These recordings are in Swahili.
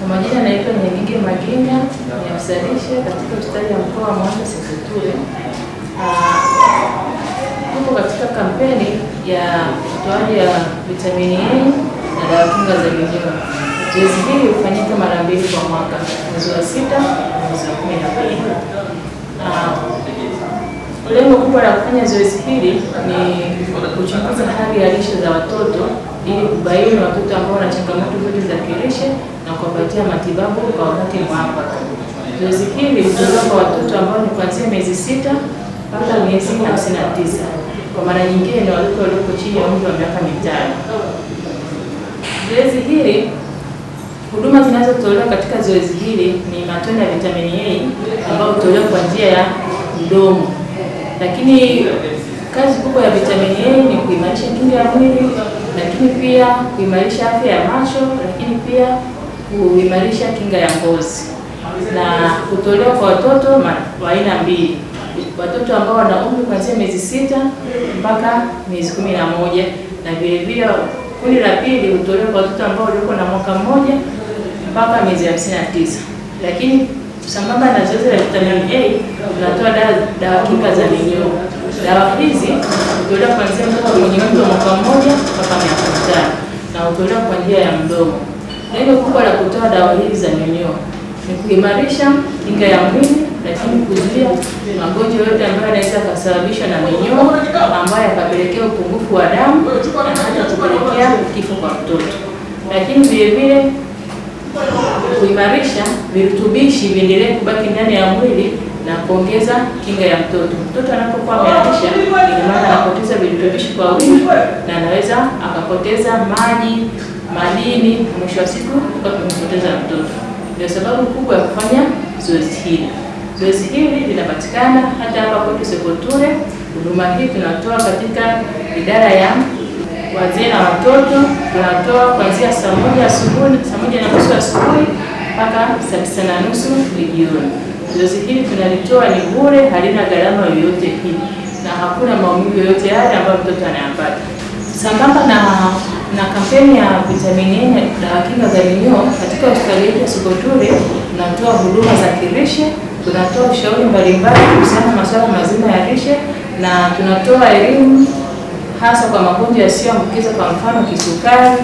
Kwa majina naitwa Nyegige Maginga, ni afisa lishe katika hospitali ya mkoa wa Mwanza Sekoutule. Tuko ah, katika kampeni ya utoaji ya vitamini A na dawa kinga za minyoo. Zoezi hili hufanyika mara mbili kwa mwaka, mwezi wa sita na mwezi wa kumi na mbili. Ah, lengo kubwa la kufanya zoezi hili ni kuchunguza hali ya lishe za watoto ili kubaini watoto ambao wana changamoto zote za kilishe na kuwapatia matibabu kwa wakati mwafaka. Zoezi hili hutolewa kwa watoto ambao ni kuanzia miezi sita mpaka miezi hamsini na tisa kwa mara nyingine ni watoto walioko chini ya umri wa miaka mitano. Zoezi hili huduma zinazotolewa katika zoezi hili ni matone ya vitamini A ambayo hutolewa kwa njia ya mdomo, lakini kazi kubwa ya vitamini A ni kuimarisha kinga ya mwili lakini pia kuimarisha afya ya macho, lakini pia kuimarisha kinga ya ngozi na kutolewa kwa watoto wa aina mbili, watoto ambao wana umri kuanzia miezi sita mpaka miezi kumi na moja na vile vile kundi la pili hutolewa kwa watoto ambao walioko na mwaka mmoja mpaka miezi hamsini na tisa lakini Sambamba na zoezi la vitamin A tunatoa dawa dawa kinga za minyoo. Dawa hizi hutolewa kuanzia mtoto mwenye umri wa mwaka mmoja mpaka miaka mitano na hutolewa kwa njia ya mdomo. Lengo kubwa la kutoa dawa hizi za minyoo ni kuimarisha kinga ya mwili, lakini kuzuia magonjwa yote ambayo yanaweza kusababishwa na minyoo ambayo yakapelekea upungufu wa damu na hata kupelekea kifo kwa mtoto, lakini vile vile kuimarisha virutubishi viendelee kubaki ndani ya mwili na kuongeza kinga ya mtoto. Mtoto anapokuwa ameharisha, ina maana anapoteza virutubishi kwa wingi na anaweza akapoteza maji, madini, mwisho wa siku akampoteza mtoto. Ndio sababu kubwa ya kufanya zoezi hili. Zoezi hili linapatikana hata hapa kwetu Sekoture. Huduma hii tunatoa katika idara ya wazee na watoto, tunatoa kuanzia saa moja asubuhi, saa moja na nusu asubuhi mpaka saa tisa na nusu ni jioni. Zoezi hili tunalitoa ni bure, halina gharama yoyote hii na hakuna maumivu yoyote yale ambayo mtoto anayapata. Sambamba na na kampeni ya vitamini A na kinga za minyoo katika hospitali yetu ya Sokoture, tunatoa huduma za kirishe, tunatoa ushauri mbalimbali kuhusiana masuala mazima ya lishe na tunatoa elimu hasa kwa magonjwa yasiyoambukiza, kwa mfano kisukari,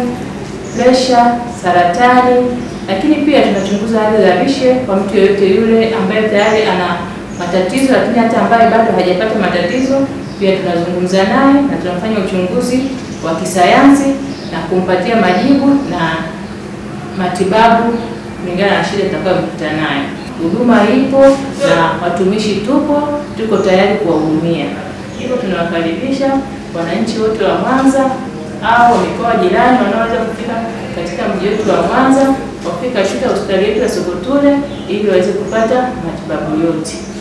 presha, saratani lakini pia tunachunguza hali za lishe kwa mtu yoyote yule ambaye tayari ana matatizo, lakini hata ambaye bado hajapata matatizo, pia tunazungumza naye na tunafanya uchunguzi wa kisayansi na kumpatia majibu na matibabu kulingana na shida itakayokuta naye. Huduma ipo na watumishi tupo, tuko tayari kuwahudumia, hivyo tunawakaribisha wananchi wote wa Mwanza au mikoa jirani wanaoweza kufika katika mji wetu wa Mwanza wafika katika hospitali yetu ya sokotule ili waweze kupata matibabu yote.